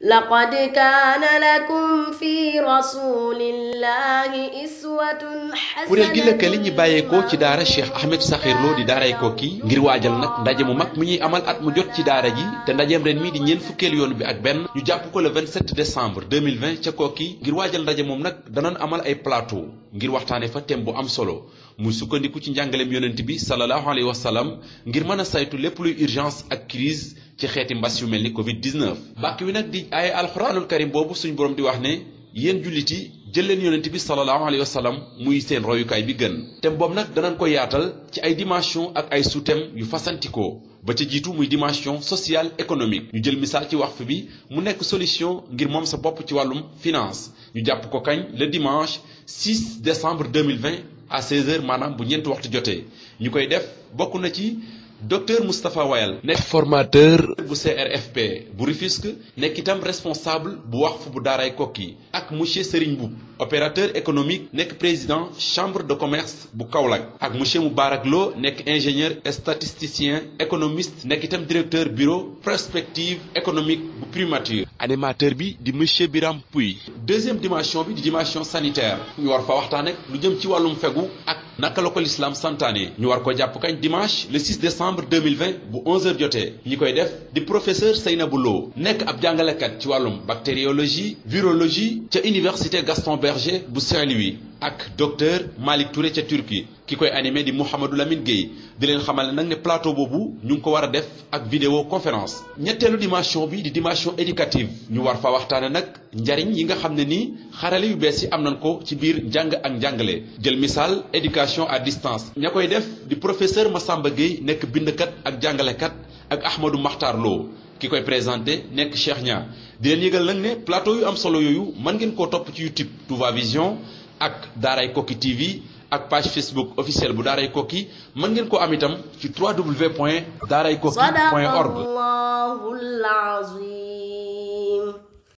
لقد كان لكم في رسول الله إسوة حسنة kuréel gi lëkkale ñi bàyyeekoo ci daara Cheikh Ahmed Sakhir Lo di daaray Koki ngir waajal nag ndaje mu mag mi ñuy amal at mu jot ci daara ji te ndajeem ren mi di ñeent fukkeel yoon bi ak benn ñu jàpp ko le 27 décembre 2020 ca Koki ngir waajal ndaje moom nag danañ amal ay plateau ngir waxtaane fa thème bu am solo muy sukkandiku ci njàngaleem yonent bi sallallahu alayhi wa sallam ngir mën a saytu lépp luy urgence ak crise ci xeeti mbas yu mel ni Covid 19. bàkk wi nag di ay alxuraanul karim boobu suñ borom di wax ne yéen jullit yi jël leen yonent bi sallallahu alayhi wa sallam muy seen royukaay bi gën. thème boobu nag danañ ko yaatal ci ay dimension ak ay sous-thèmes yu fasantikoo ba ca jiitu muy dimension social économique. ñu jël misaal ci waqf bi mu nekk solution ngir moom sa bopp ci wàllum finance ñu jàpp ko kañ le dimanche 6 décembre 2020 à 16h maanaam bu ñeenti waxtu jotee ñu koy def bokk na ci. docteur Moustapha Wayal nekk formateur bu CRFP bu Rufisque nekk itam responsable bu Waqf bu daaray Kokki ak monsieur Serigne Mboup opérateur économique nekk président chambre de commerce bu Kaolack ak monsieur Moubarak Lo nekk ingénieur statisticien économiste nekk itam directeur bureau prospective économique bu primature animateur bi di monsieur Biram Pouy deuxième dimension bi di dimension sanitaire ñu war fa waxtaan ak lu jëm ci wàllum fegu ak naka la ko lislaam santaane ñu war ko jàpp kañ dimanche le 6 décembre 2020 bu 11 jotee ñi koy def di professeur Seynabou Lo nekk ab jàngalekat ci wàllum bactériologie Berger bu Saint-Louis ak docteur Malick Touré ca Turquie ki koy animé di Mouhamadou Lamine Gueye di leen xamal nan ne plateau boobu ñu ngi ko war a def ak vidéo conférence ñetteelu dimension bi di dimension éducative ñu war fa waxtaane nag njariñ yi nga xam ne nii xarale yu bees yi am nañ ko ci biir njàng ak njàngale jël misaal éducation à distance ña koy def di professeur sàmba Gueye nekk bindkat ak jàngalekat ak Ahmadou Makhtar Lo ki koy présenté nekk Cheikh Niang di leen yëgal nag ne plateau yu am solo yooyu mën ngeen koo topp ci YouTube Touba Vision ak Daaray Koki TV ak page Facebook officielle bu Daaray Koki mën ngeen koo am itam ci www.daaraykoki.org. Sadaqallahul Azim.